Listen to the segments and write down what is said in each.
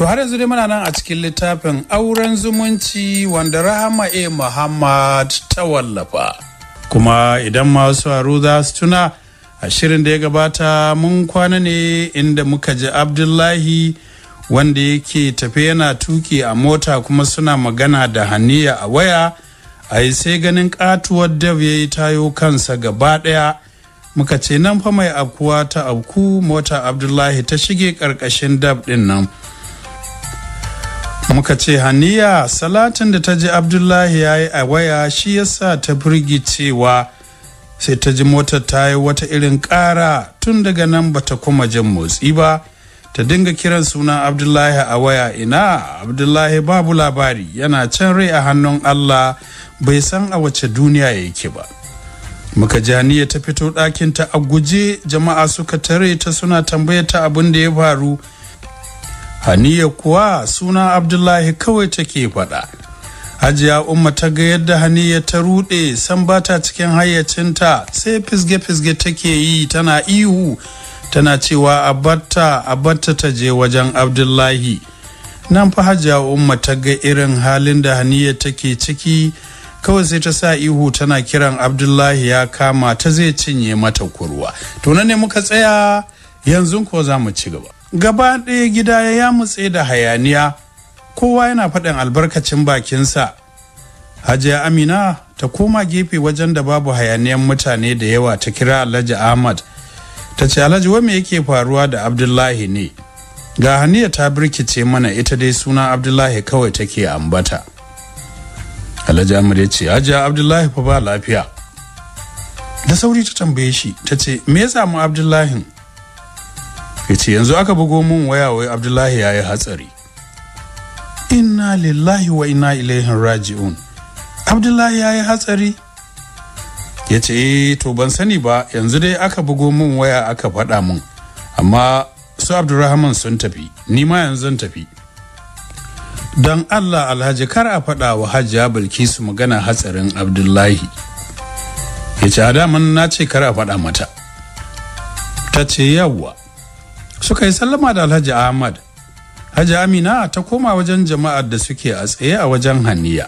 To har yanzu dai muna nan a cikin littafin auren zumunci wanda Rahama A. Muhammad ta wallafa. Kuma idan masu haru za su tuna a shirin da ya gabata mun kwana ne inda muka ji Abdullahi wanda yake tafe yana tuki a mota kuma suna magana da haniya a waya a yi sai ganin katuwar dab ya yi tayo kansa gaba ɗaya. Muka ce nan fa mai abkuwa ta abku mota Abdullahi ta shige ƙarƙashin dab ɗin nan. muka ce haniya salatin da ta ji abdullahi ya yi a waya shi yasa ta firgi cewa sai ta ji motar ta yi wata irin ƙara tun daga nan ba ta kuma jin motsi ba ta dinga kiran sunan abdullahi a waya ina abdullahi babu labari yana can rai a hannun allah bai san a wace duniya yake ba muka janiya ta fito ɗakinta a guje jama'a suka tare ta suna tambaya ta abin da ya faru haniya kuwa suna abdullahi kawai take faɗa hajiya umma ta ga yadda haniya ta ruɗe san bata cikin hayyacinta sai fisge-fisge take yi tana ihu tana cewa abatta abatta ta je wajen abdullahi nan fa hajiya umma ta ga irin halin da haniya take ciki kawai sai ta sa ihu tana kiran abdullahi ya kama ta zai cinye mata kurwa to ne muka tsaya yanzu ko za mu ci gaba gaba ɗaya gida ya mutse da hayaniya kowa yana faɗin albarkacin bakinsa hajiya amina ta koma gefe wajen da babu hayaniyan mutane da yawa ta kira alhaji ahmad ta ce alhaji wame yake faruwa da abdullahi ne ga haniya ta birkice mana ita dai suna abdullahi kawai take ambata alhaji ahmad ya ce hajiya abdullahi fa ba lafiya da sauri ta tambaye shi ta ce me ya samu abdullahin Yace yanzu aka bugo mun waya wai abdullahi ya yi hatsari inna lillahi wa inna ilaihin raji'un abdullahi ya yi hatsari ya ce eh, to ban sani ba yanzu dai aka bugo mun waya aka faɗa mun amma su abdurrahman sun tafi ni ma yanzu zan tafi don allah alhaji kar a faɗa wa hajiya bilkisu magana hatsarin abdullahi Yace ce a daman na ce kar a faɗa mata ta ce yawwa suka yi sallama da alhaji ahmad Haji amina ta koma wajen jama'ar da suke a tsaye a wajen haniya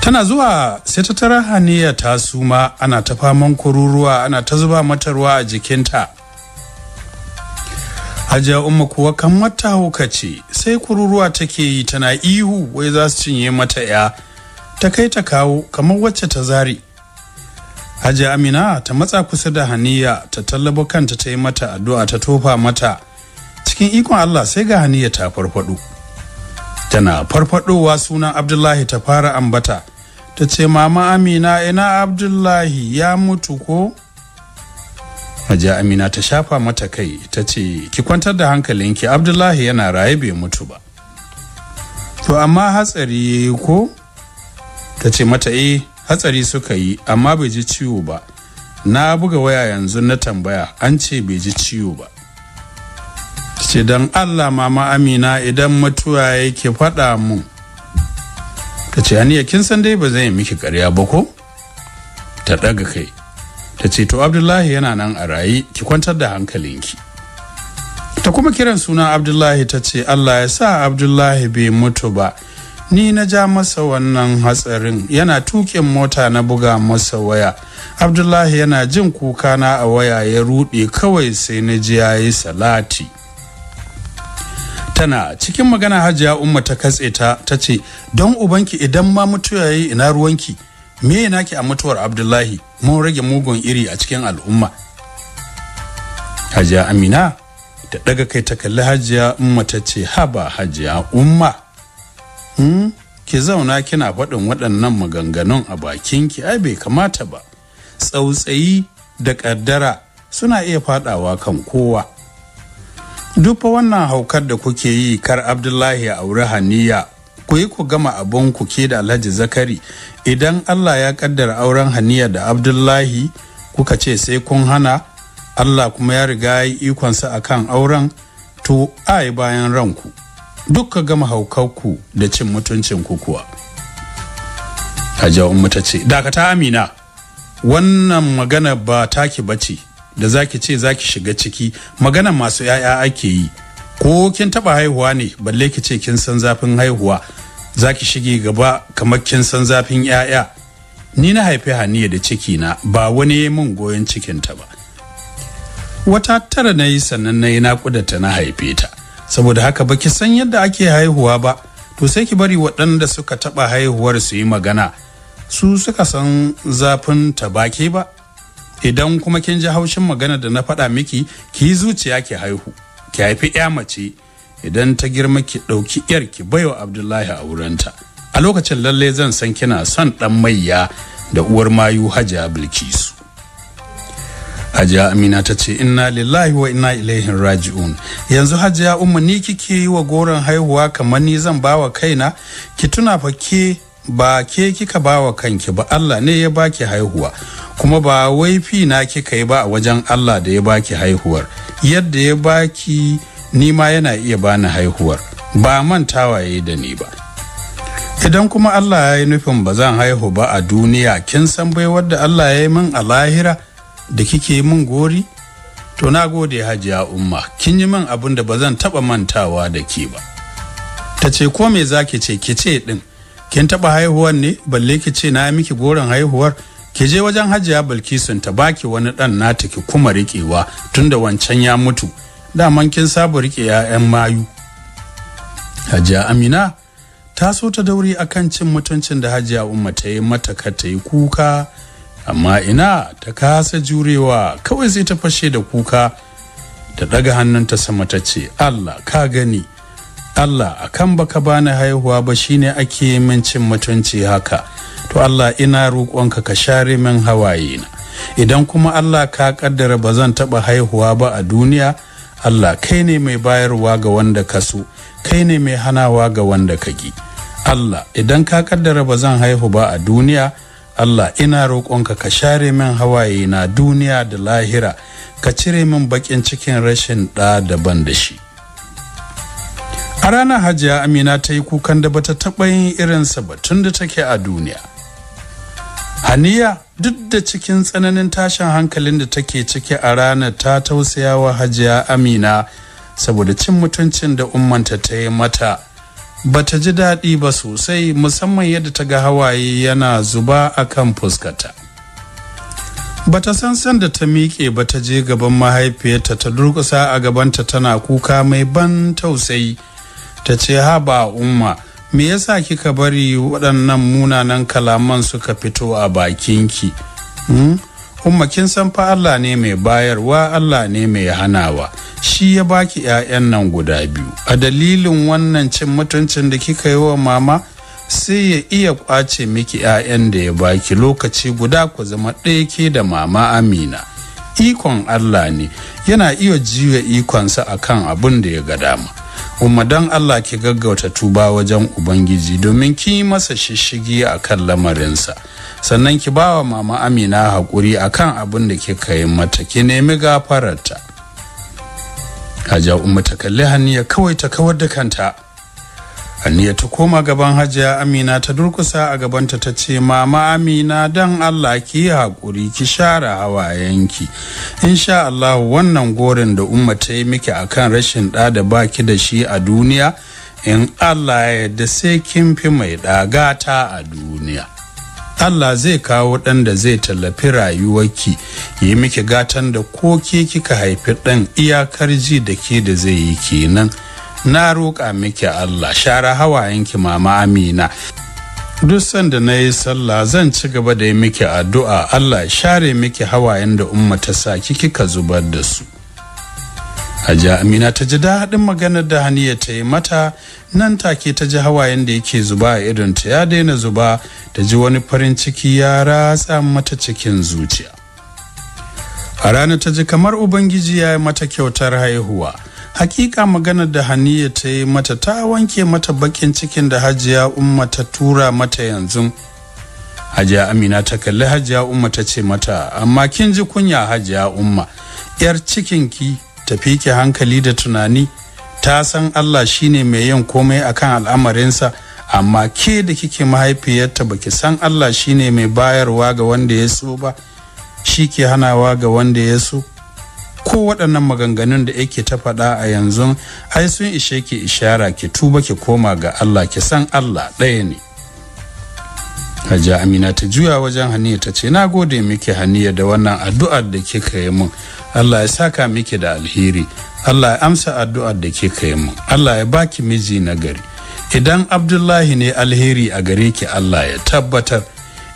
tana zuwa sai ta tara haniya ta suma ana ta faman kururuwa ana ta zuba mata ruwa a jikinta hajiya umma kuwa kan mata hauka ce sai kururuwa take yi tana ihu wai za su cinye mata ya ta kai ta kawo kamar wacce ta zari haji Amina ta matsa kusa da Haniya ta tallabo kanta ta yi mata addu'a ta tofa mata cikin ikon Allah sai ga Haniya ta farfado. Tana farfadowa sunan Abdullahi ta fara ambata ta ce mama Amina ina Abdullahi ya mutu ko? Hajiya Amina ta shafa mata kai ta ce ki kwantar da hankalinki Abdullahi yana raye bai mutu ba. To amma hatsari ko? Ta ce mata eh hatsari suka yi amma bai ji ciwo ba na buga waya yanzu na tambaya an ce bai ji ciwo ba ce don allah mama amina idan mutuwa yake faɗa mun ta ce hannu kin san dai ba zai yi miki karya ba ko ta ɗaga kai ta ce to abdullahi yana nan a raye ki kwantar da hankalinki ta kuma kiran suna abdullahi ta ce allah ya sa abdullahi bai mutu ba ni na ja masa wannan hatsarin yana tukin mota na buga masa waya abdullahi yana jin kukana a waya ya rude kawai sai na ji ya yi salati tana cikin magana hajiya umma ta katse ta ta ce don ubanki idan ma ya yi ina ruwanki me naki a mutuwar abdullahi mun rage mugun iri a cikin al'umma hajiya amina da daga kai ta kalli hajiya umma ta ce haba hajiya umma hmm? ki zauna kina faɗin waɗannan maganganun a bakinki ai bai kamata ba tsautsayi da ƙaddara suna iya faɗawa kan kowa duk wannan haukar da kuke yi kar abdullahi a auri haniya ku yi ku gama abin ku ke da alhaji zakari idan allah ya ƙaddara auren haniya da abdullahi kuka ce sai kun hana allah kuma ya riga ya yi ikonsa akan auren to ai bayan ranku duk ka gama haukauku da cin mutuncin ku kuwa hajjawan Mata ce dakata amina wannan magana ba taki bace da zaki ce zaki shiga ciki magana masu yaya ake yi ko kin taba haihuwa ne balle ki ce kin san zafin haihuwa zaki shige gaba kamar kin san zafin yaya ni na haife haniya da ciki na ba wani mun goyon cikinta ba wata tara na yi sannan na yi na haife ta saboda haka baki san yadda ake haihuwa ba to sai ki bari waɗanda suka taɓa haihuwar su yi magana su suka san zafin ta baki ba idan kuma kin ji haushin magana da na faɗa miki ki zuciya ki haihu ki haifi ya mace idan ta girma ki ɗauki yar ki baiwa abdullahi a wurinta a lokacin lalle zan san kina son ɗan mayya da uwar mayu hajiya bilkisu hajiya amina ta ce inna lillahi wa inna ilaihin raji'un yanzu hajiya umma ni kike yi wa goron haihuwa kamar ni zan bawa kaina ki tuna fa ke ba ke kika bawa kanki ba Allah ne ya baki haihuwa kuma ba wai fi na kika yi ba a wajen Allah da ya baki haihuwar yadda ya baki ni ma yana iya bani haihuwar ba mantawa ya da ni ba idan kuma Allah ya yi nufin ba zan haihu ba a duniya kin san bai wadda Allah ya yi min a lahira da kike min gori to na gode hajiya umma kin yi min abin da ba zan taba mantawa da ke ba ta ce ko me za ki ce ki ce din kin taba haihuwar ne balle ki ce na miki goron haihuwar ki je wajen hajiya bilkisun ta baki wani dan nata ki kuma riƙewa tun da wancan ya mutu daman kin saba riƙe 'ya'yan mayu hajiya amina ta so ta dauri akan cin mutuncin da hajiya umma ta yi mata ka ta yi kuka amma ina ta kasa jurewa kawai sai ta fashe da kuka ta daga hannunta sama ta ce allah ka gani allah a akan baka bani haihuwa ba shine ake min cin mutunci haka to allah ina roƙonka ka share min hawaye na idan kuma allah ka kaddara ba zan taɓa haihuwa ba a duniya allah kai ne mai bayarwa ga wanda ka so kai ne mai hanawa ga wanda ka gi. allah idan ka kaddara ba zan haihu ba a duniya Allah ina roƙonka ka share min hawaye na duniya da lahira ka cire min baƙin cikin rashin ɗa daban da shi a ranar hajiya amina ta yi kukan da bata taɓa yin irinsa ba tun da take a duniya haniya duk da cikin tsananin tashin hankalin da take ciki a ranar ta tausayawa hajiya amina saboda cin mutuncin da ummanta ta yi mata bata ji daɗi ba sosai musamman yadda ta ga hawaye yana zuba a kan fuskata bata san sanda ta miƙe bata je gaban mahaifiyarta ta durƙusa a gabanta tana kuka mai ban tausayi ta ce haba umma me yasa kika bari waɗannan munanan kalaman suka fito a bakinki hmm? umma kin san fa Allah ne mai bayarwa Allah ne mai hanawa shi ya baki ƴaƴan nan guda biyu a dalilin wannan cin mutuncin da kika yi wa mama sai ya iya kwace miki ƴaƴan da ya baki lokaci guda ku zama ɗaya ke da mama Amina ikon Allah ne yana iya jiwa ikonsa akan abin da ya ga dama Uma don allah ki gaggauta tuba wajen ubangiji domin ki masa shishigi a kan lamarinsa sannan ki ba wa mama amina haƙuri a kan abin da kika yi mata ki nemi gafararta hajiya umma ta kalli hannu ya kawai ta kawar da kanta Aniya ta koma gaban hajiya Amina ta durkusa a gabanta ta ce mama Amina dan Allah ki hakuri ki share hawayenki insha Allah wannan gorin da umma ta yi miki akan rashin ɗa da baki da shi a duniya in Allah ya yarda sai kin fi mai ɗagata a duniya Allah zai kawo ɗan da zai tallafi rayuwarki yi miki gatan da ko ke kika haifi ɗan iyakar ji da ke da zai yi kenan. na roƙa miki Allah share hawayenki mama Amina duk sanda na yi sallah zan ci gaba da yi miki addu'a Allah share miki hawayen da umma ta sa kika zubar da su Hajiya Amina ta ji daɗin maganar da Haniya ta yi mata nan take ta ji hawayen da yake zuba a irin ta ya daina zuba ta ji wani farin ciki ya ratsa mata cikin zuciya. A rana ta ji kamar Ubangiji ya yi mata kyautar haihuwa. hakika magana da haniya ta yi mata ta wanke mata bakin cikin da hajiya umma ta tura mata yanzu hajiya amina ta kalli hajiya umma ta ce mata amma kin ji kunya hajiya umma yar cikinki tafi ki hankali da tunani ta san allah shine mai yin komai akan al'amarinsa amma ke da kike mahaifiyarta baki san allah shine mai bayarwa ga wanda ya so ba shi ke hanawa ga wanda ya so ko waɗannan maganganun da yake ta faɗa a yanzu ai sun ishe ki ishara ki tuba ki koma ga Allah ki san Allah ɗaya ne Hajja Amina ta juya wajen Haniya ta ce na gode miki Haniya da wannan addu'ar da kika yi min Allah ya saka miki da alheri Allah ya amsa addu'ar da kika yi min Allah ya baki miji na gari idan Abdullahi ne alheri a gare ki Allah ya tabbatar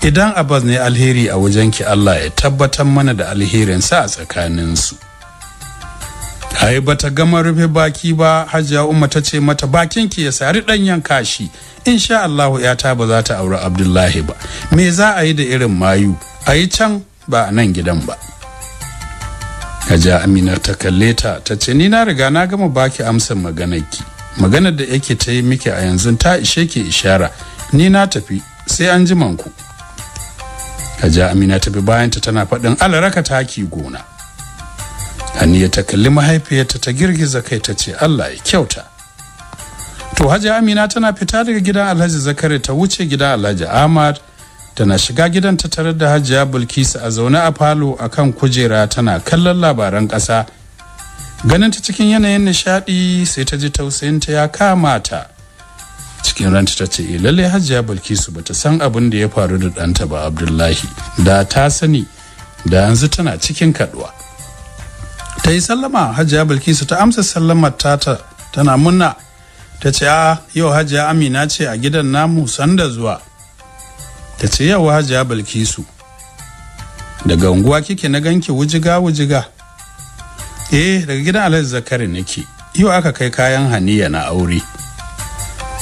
idan Abbas ne alheri a wajen ki Allah ya tabbatar mana da alherin sa a tsakaninsu ai bata gama rufe baki ba hajiya umma ta ce mata bakin ki ya sari dan yanka shi insha ya yata ba za ta aure Abdullahi ba me za a yi da irin mayu a yi can ba a nan gidan ba Hajiya Amina ta kalle ta ta ce ni na riga na gama baki amsar ki maganar da yake ta yi miki a yanzu ta ishe ki ishara ni na tafi sai an ji manku Hajiya Amina ta bi bayanta tana faɗin alaraka taki gona aniya ta kalli mahaifiyarta ta girgiza kai ta ce allah ya kyauta to hajji amina tana fita daga gidan alhaji zakari ta wuce gidan alhaji ahmad tana shiga gidan ta tarar da hajiya bulkisu a zaune a falo akan kujera tana kallon labaran ƙasa ganin ta cikin yanayin nishadi sai ta ji tausayin ta ya kama ta cikin ranta ta ce eh, lallai hajiya bulkisu bata san abin da ya faru da ɗanta ba abdullahi da ta sani da yanzu tana cikin kaduwa. ta yi sallama hajiya bilkisu ta amsa sallamar tata tana munna ta ce a ah, yau hajiya amina ce a gidan namu sanda zuwa ta ce yau hajiya bilkisu daga unguwa kike na ganki wujiga wujiga eh daga gidan alhaji zakari nake yau aka kai kayan haniya na aure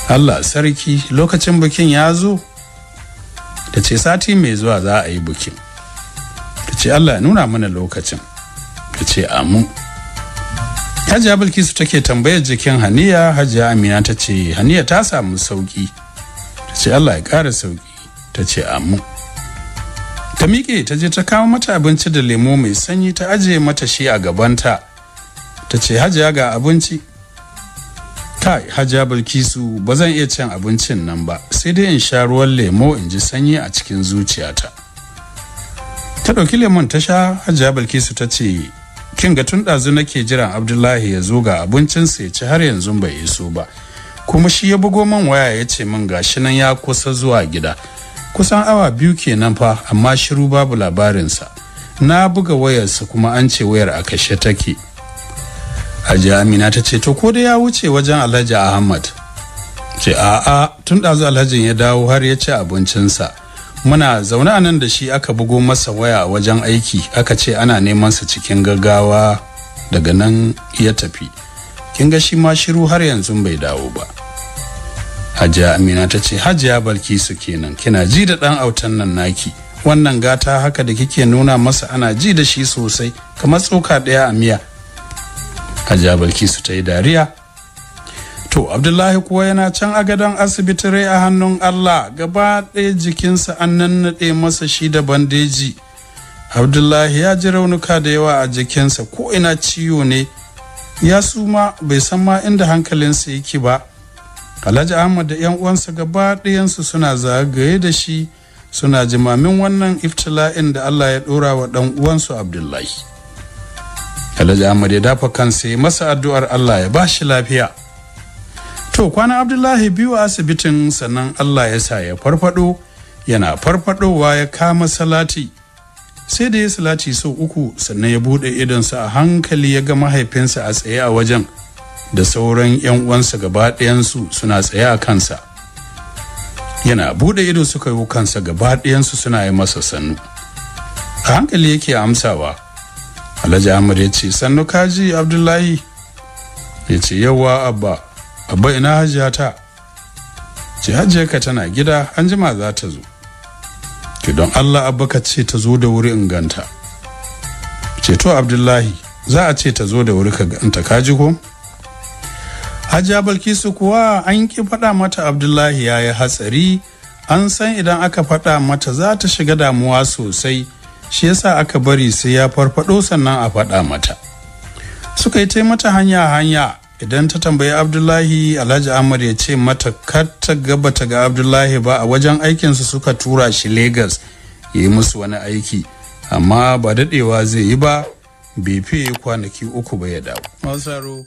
allah sarki lokacin bikin ya zo ta ce sati mai zuwa za a yi bikin ta ce allah ya nuna mana lokacin ta ce amu hajiya bilkisu take tambayar jikin haniya hajiya amina ta ce haniya ta samu sauki ta ce allah ya ƙara sauki ta ce amu ta miƙe ta je ta kawo mata abinci da lemo mai sanyi ta ajiye mata shi a gabanta ta ce hajiya ga abinci kai hajiya bilkisu ba zan iya cin abincin nan ba sai dai in sha ruwan lemo in ji sanyi a cikin zuciyata ta ɗauki lemon ta sha hajiya bilkisu ta ce kin ga tun ɗazu nake jiran abdullahi ya zo ga abincinsa ya ci har yanzu bai iso ba kuma shi ya bugo man waya ya ce min gashi nan ya kusa zuwa gida kusan awa biyu kenan fa amma shiru babu labarinsa na buga wayarsa kuma an ce wayar a kashe take Hajiya Amina ta ce to ko da ya wuce wajen Alhaji Ahmad ce a'a tun ɗazu Alhajin ya dawo har ya ci abincinsa muna zaune a nan da shi aka bugo masa waya wajen aiki aka ce ana neman sa cikin gaggawa daga nan ya tafi kin ga shi ma shiru har yanzu bai dawo ba hajiya amina ta ce hajiya balkisu kenan kina ji da dan autan nan naki wannan gata haka da kike nuna masa ana ji da shi sosai kamar tsoka ɗaya a miya hajiya balkisu ta yi dariya to abdullahi kuwa yana can a gadon asibiti rai a hannun allah gaba ɗaya jikinsa an nannaɗe masa shi da bandeji abdullahi ya ji raunuka da yawa a jikinsa ko ina ciwo ne ya suma bai san ma inda hankalinsa yake ba alhaji ahmad da yan uwansa gaba ɗayansu suna zagaye da shi suna jimamin wannan iftila'in da allah ya ɗora wa ɗan uwansu abdullahi alhaji ahmad ya dafa kansa ya masa addu'ar allah ya ba shi lafiya to kwana abdullahi biyu a asibitin sannan allah ya sa ya farfado yana farfadowa ya kama salati sai da ya salati sau uku sannan ya bude idonsa a hankali ya ga mahaifinsa a tsaye a wajen da sauran 'yan uwansa gaba ɗayansu suna tsaye a kansa yana bude ido suka yi kansa gaba ɗayansu suna yi masa sannu a hankali yake amsawa alhaji amur ya ce sannu kaji abdullahi ya ce yawa abba abba ina hajiya ta ce hajiya ka tana gida an jima za ta zo ke don allah abba ka ce ta zo da wuri in ganta ce to abdullahi za a ce ta zo da wuri ka ganta ka ji ko hajiya balkisu kuwa an ki faɗa mata abdullahi ya yi hatsari an san idan aka faɗa mata za ta shiga damuwa sosai shi yasa aka bari sai ya farfaɗo sannan a faɗa mata suka yi taimata hanya hanya idan ta tambayi abdullahi alhaji ahmad ya ce mata kar ta gabata ga abdullahi ba a wajen aikinsa suka tura shi lagos ya yi musu wani aiki amma ba daɗewa zai yi ba bai fiye kwanaki uku ba ya dawo.